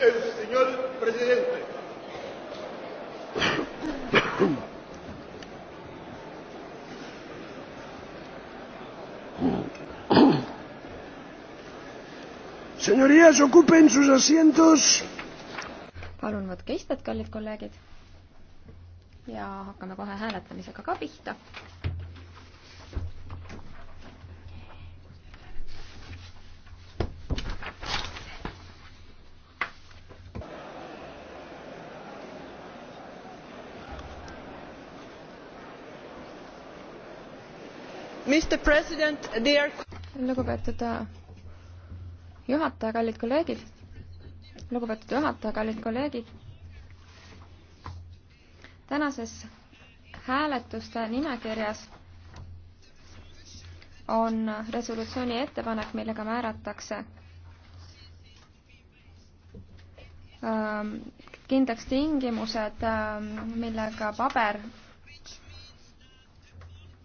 el señor presidente. Señorías, ocupen sus asientos. palun võtke istet, kallid kolleegid. ja hakkame kohe hääletamisega ka pihta are... lugupeetud äh, juhataja, kallid kolleegid, lugupeetud juhataja, kallid kolleegid. tänases hääletuste nimekirjas on resolutsiooni ettepanek, millega määratakse ähm, kindlaks tingimused, ähm, millega paber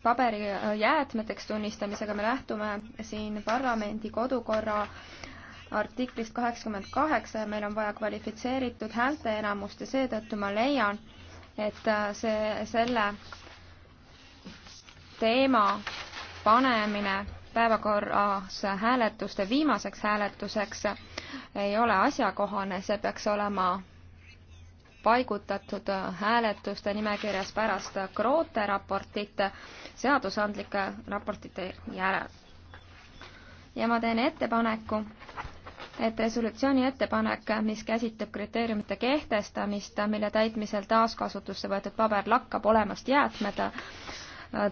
paberijäätmeteks äh, tunnistamisega, me lähtume siin parlamendi kodukorra artiklist kaheksakümmend kaheksa ja meil on vaja kvalifitseeritud häälteenamust ja seetõttu ma leian, et äh, see, selle teema panemine päevakorras hääletuste viimaseks hääletuseks ei ole asjakohane, see peaks olema paigutatud hääletuste nimekirjas pärast Kroote raportit seadusandlike raportite järel. ja ma teen ettepaneku, et resolutsiooni ettepanek, mis käsitleb kriteeriumite kehtestamist, mille täitmisel taaskasutusse võetud paber lakkab olemast jäätmed,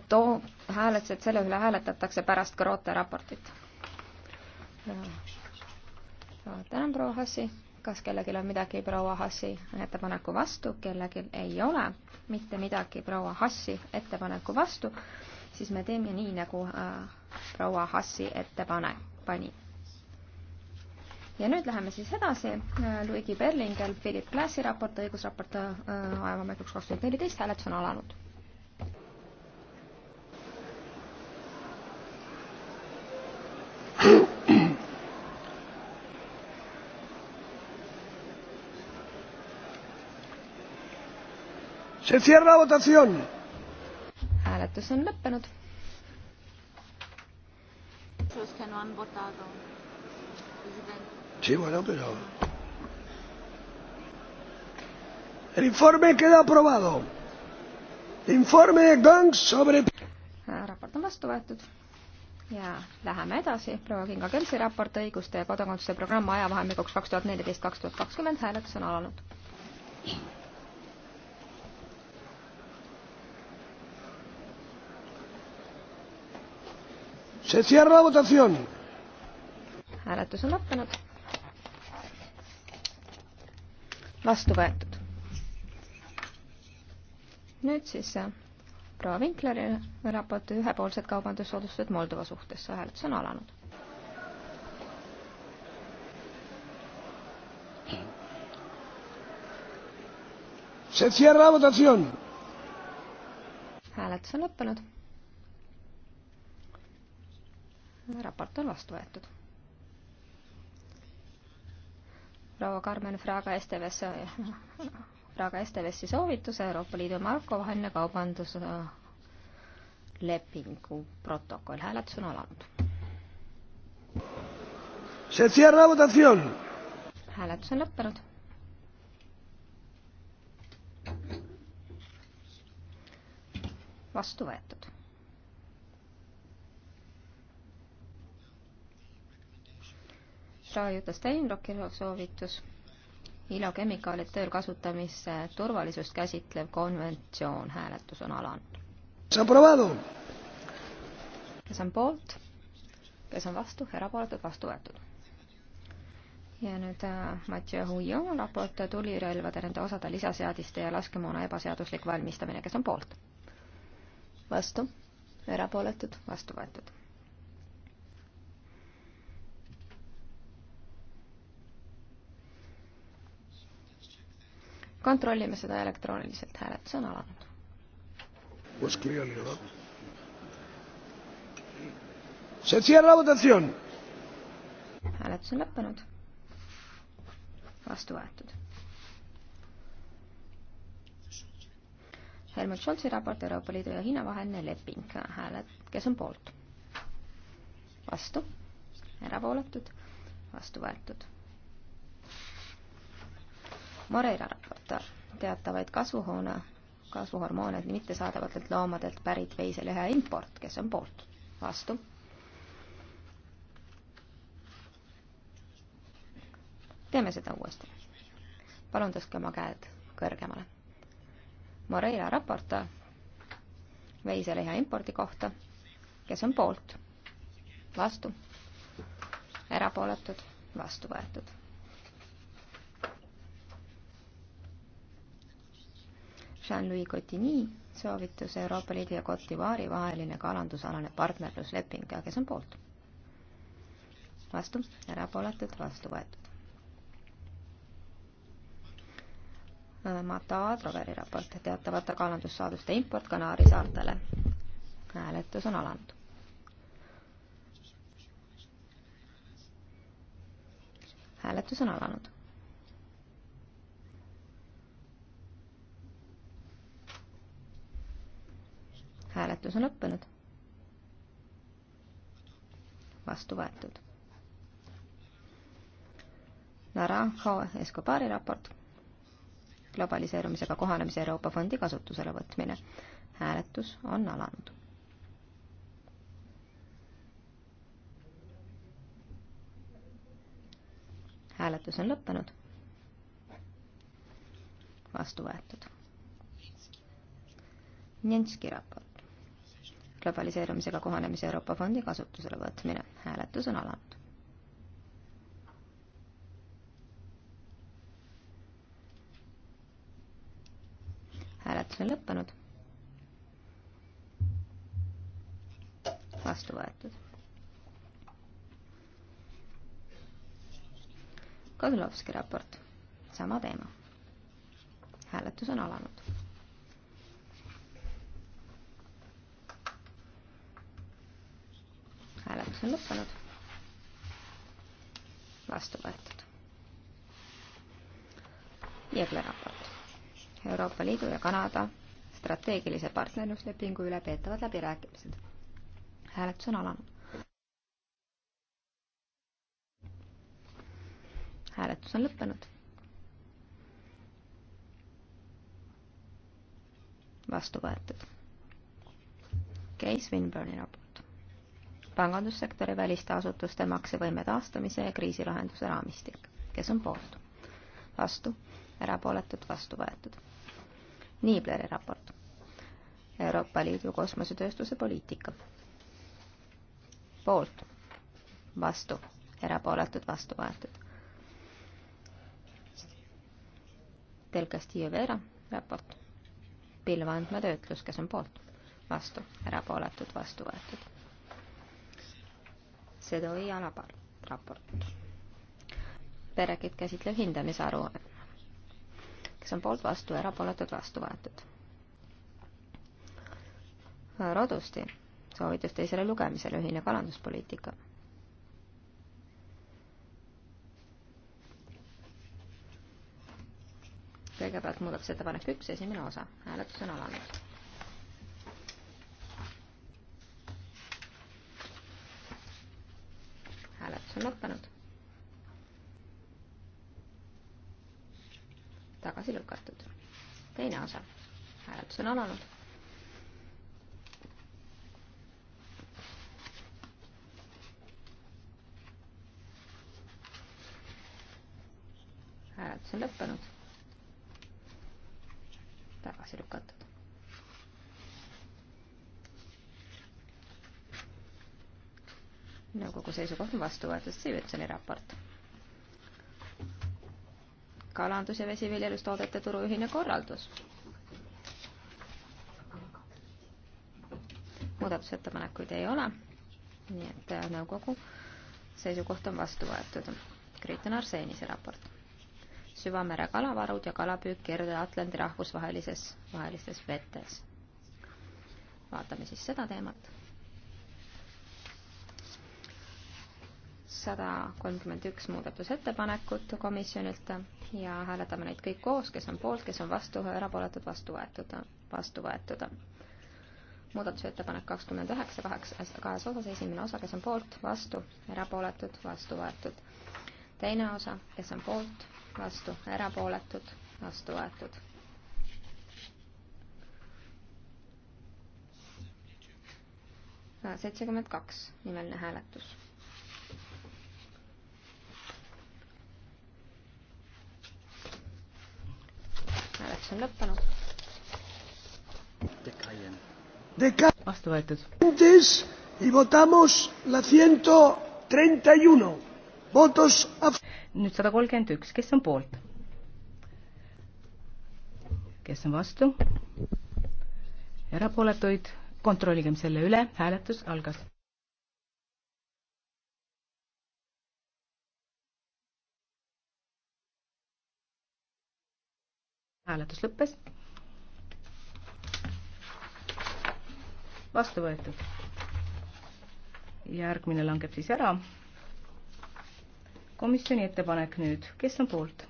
too hääletused, selle üle hääletatakse pärast Kroote raportit. tänan, proua Hassi kas kellelgi on midagi proua Hassi ettepaneku vastu, kellelgi ei ole mitte midagi proua Hassi ettepaneku vastu, siis me teeme nii, nagu äh, proua Hassi ettepanek pani. ja nüüd läheme siis edasi äh,, Luigi Berlingel, Philip Glassi raport, õigusraport äh, äh ajavahemikus kaks tuhat neliteist, hääletus on alanud hääletus on lõppenud. Sí, bueno, pero... El informe queda aprobado. Informe Gans sobre... raport on vastu võetud ja läheme edasi. proua Kinga Kelsi raport õiguste ja kodakondsuse programm ajavahemikuks kaks tuhat neliteist, kaks tuhat kakskümmend hääletus on alanud. hääletus on lõppenud. vastu võetud. nüüd siis äh, proua Vinkleri raporti ühepoolsed kaubandussoodustused Moldova suhtes, hääletus on alanud Se cierra votación. Hääletus on lõppenud. raport on vastu võetud. proua Carmen Fraga Esteves, Fraga Estevesi soovituse Euroopa Liidu Markovaheline kaubanduslepingu protokoll, hääletus on alanud. hääletus on lõppenud vastu võetud. Raajutast Steinrocki soovitus, ilokemikaalid tööl kasutamise turvalisust käsitlev konventsioon, hääletus on alanud. kes on poolt, kes on vastu, erapooletud, vastu võetud. ja nüüd äh, Mathieu Houillon raport tulirelvade, nende osade lisaseadiste ja laskemoona ebaseaduslik valmistamine, kes on poolt? vastu, erapooletud, vastu võetud kontrollime seda elektrooniliselt, hääletus on alanud. Was clearly wrong. Se cierra la votación. Hääletus on lõppenud. Vastu võetud. Helmut Scholzi raport Euroopa Liidu ja Hiina vaheline leping. Hääled, kes on poolt? Vastu. Erapooletud. Vastu võetud. Moreira raport keelustab teatavaid kasvuhoone, kasvuhormoone mittesaadevatelt loomadelt pärit veiseliha import, kes on poolt, vastu. teeme seda uuesti. palun tõstke oma käed kõrgemale. Moreira raport veiseliha impordi kohta, kes on poolt, vastu, erapooletud, vastu võetud Jean-Louis Cotigny soovitus Euroopa Liidu ja Cote d'Ivoire'i vaheline kalandusalane partnerlusleping ja kes on poolt? vastu, erapooletud, vastu võetud. Mata Adroveri raport teatavate kalandussaaduste import Kanaari saartele. hääletus on alanud. hääletus on alanud hääletus on lõppenud. vastu võetud. Naranjo Escobari raport. globaliseerumisega kohanemise Euroopa Fondi kasutusele võtmine. hääletus on alanud. hääletus on lõppenud. vastu võetud. Nenski raport globaliseerumisega kohanemise Euroopa Fondi kasutusele võtmine. hääletus on alanud. hääletus on lõppenud. vastu võetud. Kozlovski raport, sama teema. hääletus on alanud hääletus on lõppenud. vastu võetud. Jegle raport. Euroopa Liidu ja Kanada strateegilise partnerluslepingu üle peetavad läbirääkimised. hääletus on alanud. hääletus on lõppenud. vastu võetud. Case Winburni raport pangandussektori väliste asutuste maksevõime taastamise ja kriisilahenduse raamistik. kes on poolt? vastu, erapooletud, vastu võetud. Niibleri raport. Euroopa Liidu kosmosetööstuse poliitika. poolt, vastu, erapooletud, vastu võetud. Del Castillo Vera raport. pilveandmetöötlus, kes on poolt, vastu, erapooletud, vastu võetud Sedoi alapraport. Perekid käsitleb hindamisaruanne, kes on poolt vastu, erapooletud vastu võetud. Rodusti soovitus teisele lugemisele ühine kalanduspoliitika. kõigepealt muudatusettepanek üks, esimene osa, hääletus on alanud hääletus on lõppenud. tagasi lükatud. teine osa, hääletus on alanud. hääletus on lõppenud. tagasi lükatud. nõukogu seisukoht on vastu võetud Stevensoni raport. kalandus- ja vesiviljelustoodete turu ühine korraldus. muudatusettepanekuid ei ole, nii et äh, nõukogu seisukoht on vastu võetud. Kriitan Arseenise raport süvamere kalavarud ja kalapüük Kirde-Atlandi rahvusvahelises, vahelistes vetes. vaatame siis seda teemat. sada kolmkümmend üks muudatusettepanekut komisjonilt ja hääletame neid kõik koos, kes on poolt, kes on vastu, erapooletud, vastu võetud, vastu võetud. muudatusettepanek kakskümmend üheksa, kaheksa, kahes osas, esimene osa, kes on poolt, vastu, erapooletud, vastu võetud. teine osa, kes on poolt, vastu, erapooletud, vastu võetud. seitsekümmend kaks, nimeline hääletus hääletus on lõppenud. vastu võetud. Y votamos la 131. Votos a nüüd sada kolmkümmend üks, kes on poolt? kes on vastu? erapooletuid, kontrolligem selle üle, hääletus algas. hääletus lõppes. vastu võetud. järgmine langeb siis ära. komisjoni ettepanek nüüd, kes on poolt?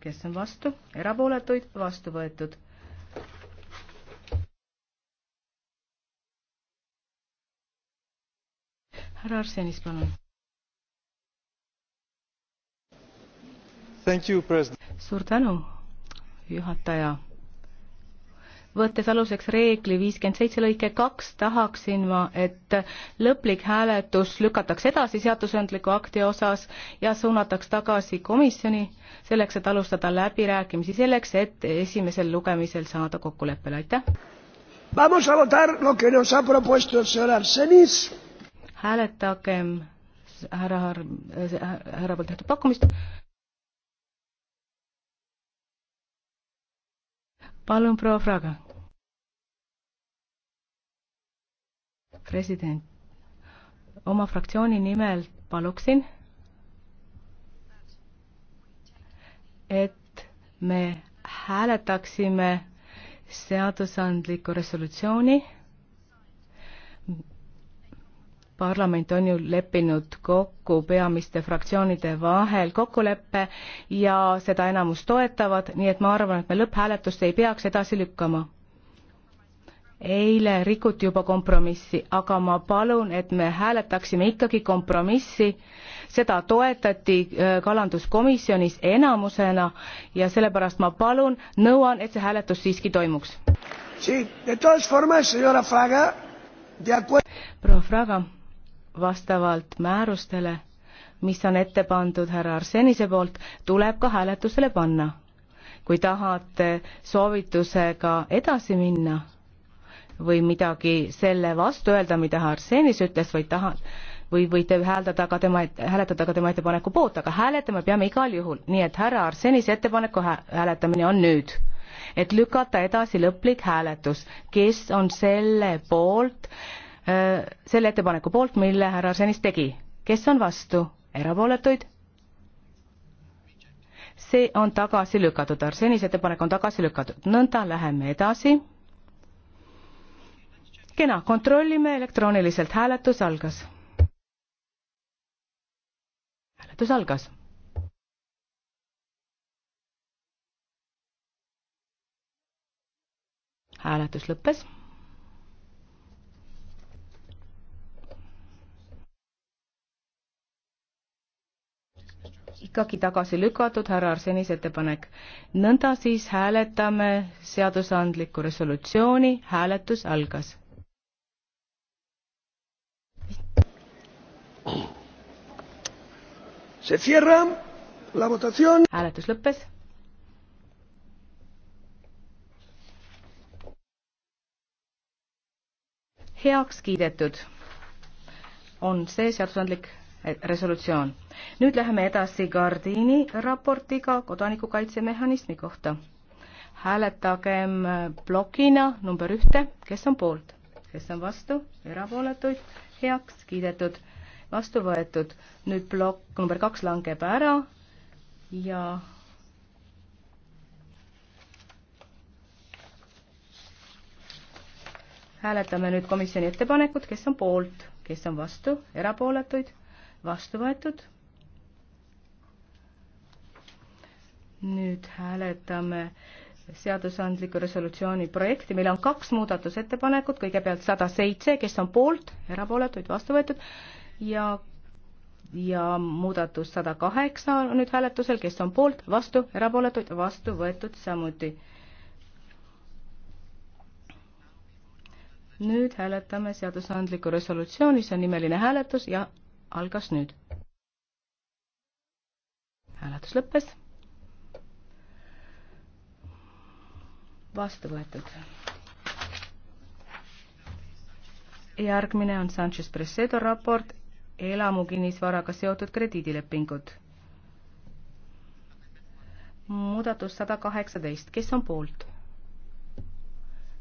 kes on vastu, erapooletuid vastu võetud. härra Arsenis, palun. suur tänu, juhataja. võttes aluseks reegli viiskümmend seitse lõike kaks, tahaksin ma, et lõplik hääletus lükatakse edasi seadusandliku akti osas ja suunataks tagasi komisjoni selleks, et alustada läbirääkimisi selleks, et esimesel lugemisel saada kokkuleppele, aitäh. Vamos a votar lo que nos ha propuesto el señor Arsenis. hääletagem härra, äh, härra poolt tehtud pakkumist. palun, proua Fraga. president, oma fraktsiooni nimel paluksin, et me hääletaksime seadusandliku resolutsiooni parlament on ju leppinud kokku peamiste fraktsioonide vahel kokkuleppe ja seda enamus toetavad, nii et ma arvan, et me lõpphääletust ei peaks edasi lükkama. eile rikuti juba kompromissi, aga ma palun, et me hääletaksime ikkagi kompromissi, seda toetati äh, kalanduskomisjonis enamusena ja sellepärast ma palun, nõuan, et see hääletus siiski toimuks. Sí, de todas formas, señora Fraga, de acuerdo. Proua Fraga vastavalt määrustele, mis on ette pandud härra Arsenise poolt, tuleb ka hääletusele panna. kui tahate soovitusega edasi minna või midagi selle vastu öelda, mida härra Arsenis ütles, või taha, või võite hääldada ka tema, hääletada ka tema ettepaneku poolt, aga hääletama peame igal juhul, nii et härra Arsenise ettepaneku hääletamine on nüüd et lükata edasi lõplik hääletus, kes on selle poolt äh, Äh, selle ettepaneku poolt, mille härra Arsenis tegi. kes on vastu? erapooletuid? see on tagasi lükatud, Arsenis ettepanek on tagasi lükatud. nõnda, läheme edasi. kena, kontrollime elektrooniliselt, hääletus algas. hääletus algas hääletus lõppes ikkagi tagasi lükatud härra Arsenis ettepanek. nõnda siis hääletame seadusandliku resolutsiooni, hääletus algas. Se cierra la votación. hääletus lõppes. heaks kiidetud on see seadusandlik Eh, resolutsioon. nüüd läheme edasi Gardini raportiga kodanikukaitsemehhanismi kohta. hääletagem eh, plokina number ühte, kes on poolt, kes on vastu, erapooletuid, heaks kiidetud, vastu võetud. nüüd plokk number kaks langeb ära ja hääletame nüüd komisjoni ettepanekut, kes on poolt, kes on vastu, erapooletuid vastu võetud. nüüd hääletame seadusandliku resolutsiooni projekti, meil on kaks muudatusettepanekut, kõigepealt sada seitse, kes on poolt, erapooletuid vastu võetud ja ja muudatus sada kaheksa on nüüd hääletusel, kes on poolt, vastu, erapooletuid, vastu võetud samuti. nüüd hääletame seadusandliku resolutsiooni, see on nimeline hääletus ja algas nüüd. hääletus lõppes. vastu võetud. järgmine on Sanchez Presedo raport elamu kinnisvaraga seotud krediidilepingud. muudatus sada kaheksateist, kes on poolt?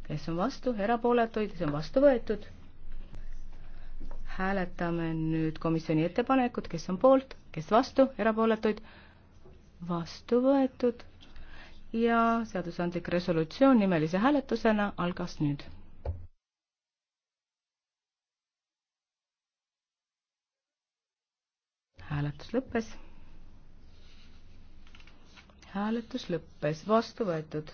kes on vastu, erapooletuid, see on vastu võetud hääletame nüüd komisjoni ettepanekut, kes on poolt, kes vastu, erapooletuid, vastu võetud ja seadusandlik resolutsioon nimelise hääletusena algas nüüd. hääletus lõppes. hääletus lõppes, vastu võetud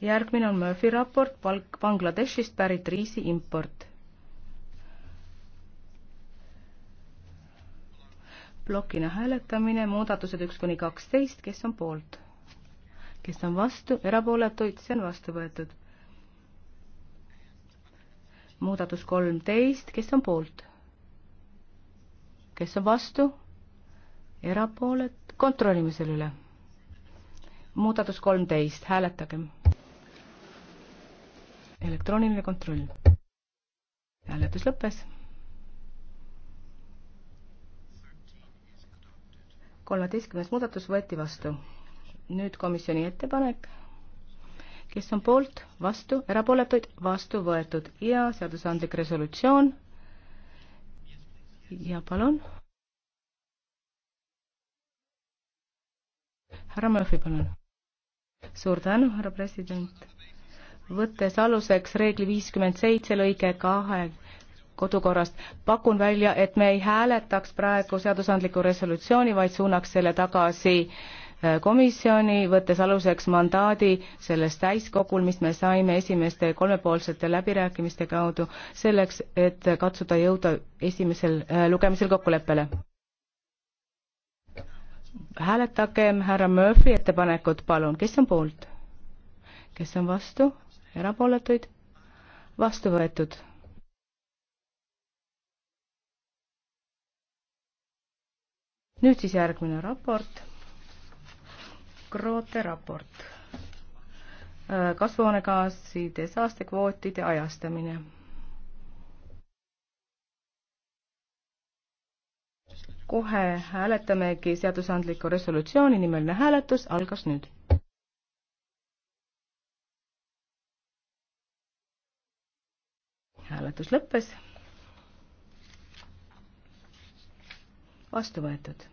järgmine on Murphy raport Bangladeshist pärit riisi import. plokina hääletamine, muudatused üks kuni kaksteist, kes on poolt? kes on vastu, erapooletuid, see on vastu võetud. muudatus kolmteist, kes on poolt? kes on vastu? erapoolet, kontrollime selle üle. muudatus kolmteist, hääletagem. elektrooniline kontroll. hääletus lõppes kolmeteistkümnes muudatus võeti vastu. nüüd komisjoni ettepanek, kes on poolt, vastu, erapooletuid, vastu võetud ja seadusandlik resolutsioon. ja palun. härra Murphy, palun. suur tänu, härra president. võttes aluseks reegli viiskümmend seitse lõige kahe kodukorrast. pakun välja, et me ei hääletaks praegu seadusandliku resolutsiooni, vaid suunaks selle tagasi äh, komisjoni, võttes aluseks mandaadi selles täiskogul, mis me saime esimeste kolmepoolsete läbirääkimiste kaudu, selleks, et katsuda jõuda esimesel äh, lugemisel kokkuleppele. hääletagem härra Murphy ettepanekut, palun, kes on poolt? kes on vastu? erapooletuid? vastu võetud nüüd siis järgmine raport. Kroote raport. Äh, kasvuhoonegaaside saastekvootide ajastamine. kohe hääletamegi seadusandliku resolutsiooni nimeline hääletus algas nüüd. hääletus lõppes vastu võetud.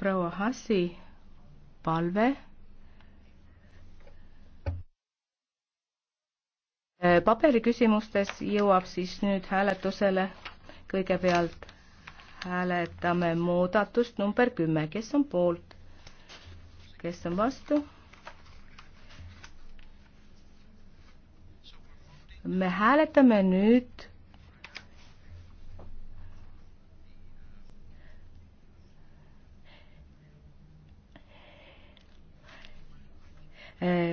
proua Hassi palve paberiküsimustes jõuab siis nüüd hääletusele kõigepealt hääletame muudatust number kümme, kes on poolt, kes on vastu. me hääletame nüüd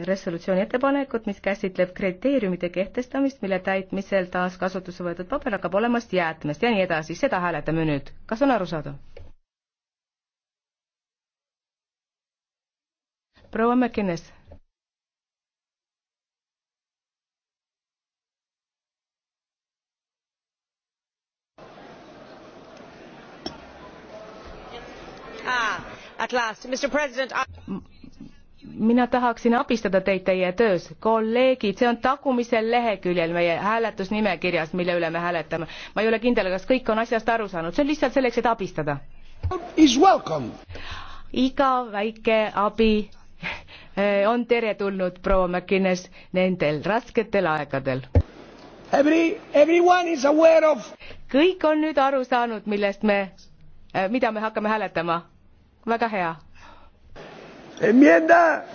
resolutsiooni ettepanekut, mis käsitleb kriteeriumide kehtestamist, mille täitmisel taaskasutusse võetud paber hakkab olema jäätmest ja nii edasi, seda hääletame nüüd. kas on arusaadav? proua McInnes. Ah, at last, Mr President I mina tahaksin abistada teid teie töös. kolleegid, see on tagumisel leheküljel meie hääletusnimekirjas, mille üle me hääletame. ma ei ole kindel, kas kõik on asjast aru saanud, see on lihtsalt selleks, et abistada. iga väike abi eh, on teretulnud, proua McInnes, nendel rasketel aegadel. Every, everyone is aware of kõik on nüüd aru saanud, millest me, eh, mida me hakkame hääletama. väga hea Enmienda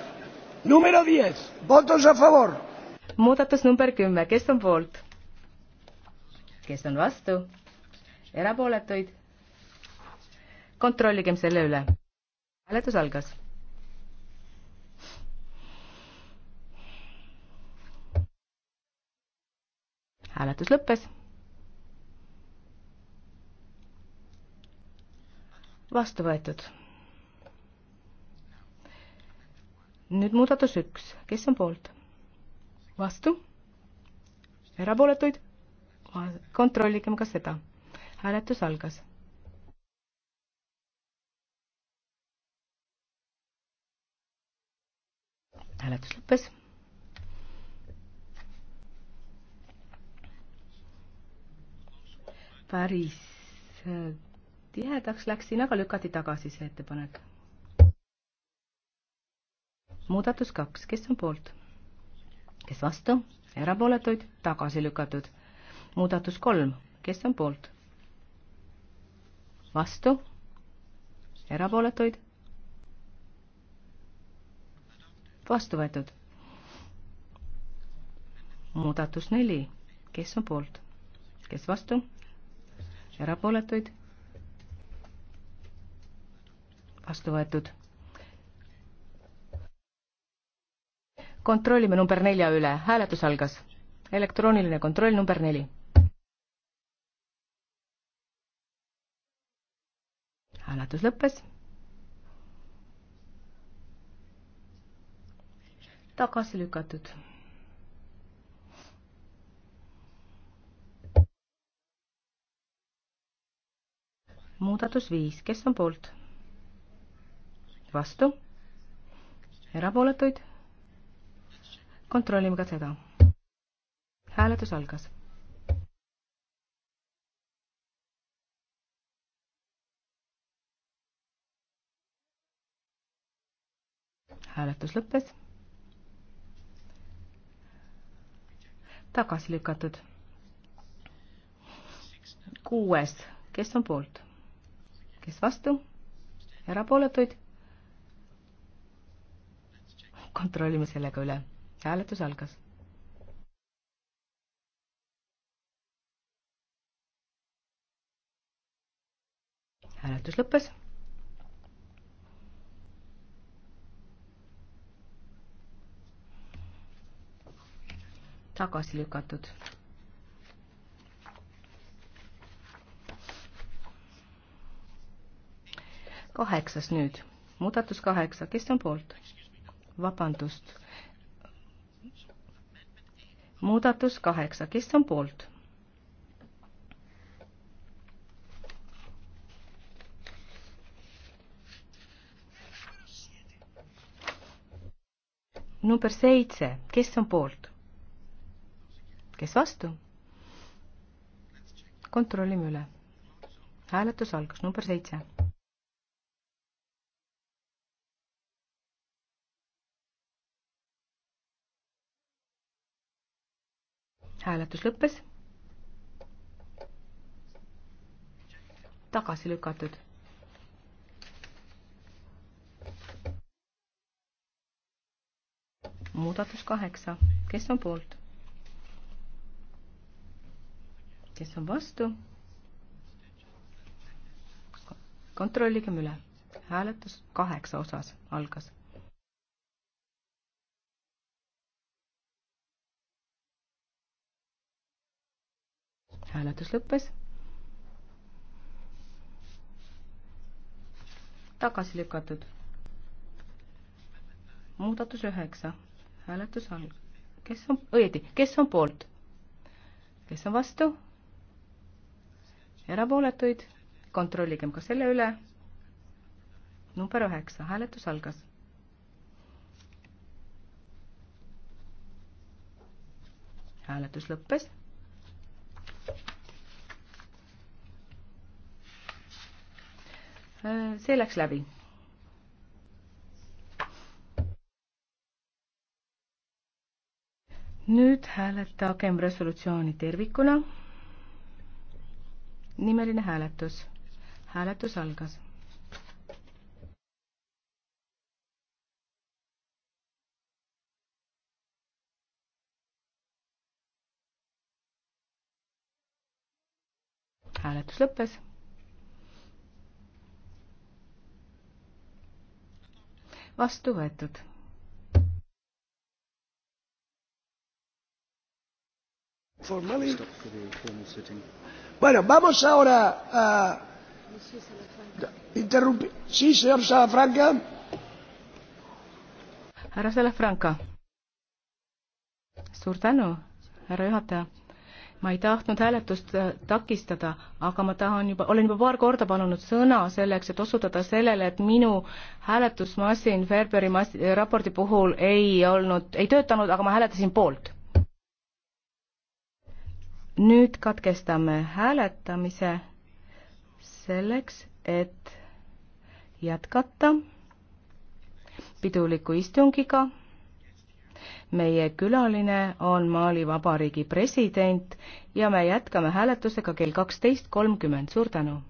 numero 10. Votos a favor. muudatus number kümme, kes on poolt? kes on vastu? erapooletuid? kontrolligem selle üle. hääletus algas. hääletus lõppes. vastu võetud nüüd muudatus üks, kes on poolt? vastu? erapooletuid? kontrolligem ka seda. hääletus algas. hääletus lõppes. päris äh, tihedaks läks siin, aga lükati tagasi see ettepanek muudatus kaks, kes on poolt? kes vastu? erapooletuid tagasi lükatud. muudatus kolm, kes on poolt? vastu? erapooletuid? vastu võetud. muudatus neli, kes on poolt? kes vastu? erapooletuid? vastu võetud kontrollime number nelja üle, hääletus algas. elektrooniline kontroll number neli. hääletus lõppes. tagasi lükatud muudatus viis, kes on poolt? vastu? erapooletuid? kontrollime ka seda. hääletus algas. hääletus lõppes. tagasi lükatud. kuues, kes on poolt? kes vastu? erapooletuid? kontrollime selle ka üle hääletus algas. hääletus lõppes. tagasi lükatud. kaheksas nüüd, muudatus kaheksa, kes on poolt? vabandust, muudatus kaheksa, kes on poolt? number seitse, kes on poolt? kes vastu? kontrollime üle. hääletus algas, number seitse hääletus lõppes. tagasi lükatud. muudatus kaheksa, kes on poolt? kes on vastu? kontrolligem üle. hääletus kaheksa osas algas hääletus lõppes. tagasi lükatud. muudatus üheksa, hääletus alg-, kes on, õieti, kes on poolt? kes on vastu? erapooletuid, kontrolligem ka selle üle. number üheksa, hääletus algas hääletus lõppes see läks läbi. nüüd hääletagem resolutsiooni tervikuna. nimeline hääletus. hääletus algas hääletus lõppes vastu võetud. Formally. Bueno, vamos ahora a interrumpir. Sí, señor Salafranca. Härra Salafranca. suur tänu, härra juhataja ma ei tahtnud hääletust äh, takistada, aga ma tahan juba, olen juba paar korda palunud sõna selleks, et osutada sellele, et minu hääletusmasin Ferberi mas-, äh, raporti puhul ei olnud, ei töötanud, aga ma hääletasin poolt. nüüd katkestame hääletamise selleks, et jätkata piduliku istungiga meie külaline on Mali Vabariigi president ja me jätkame hääletusega kell kaksteist kolmkümmend, suur tänu!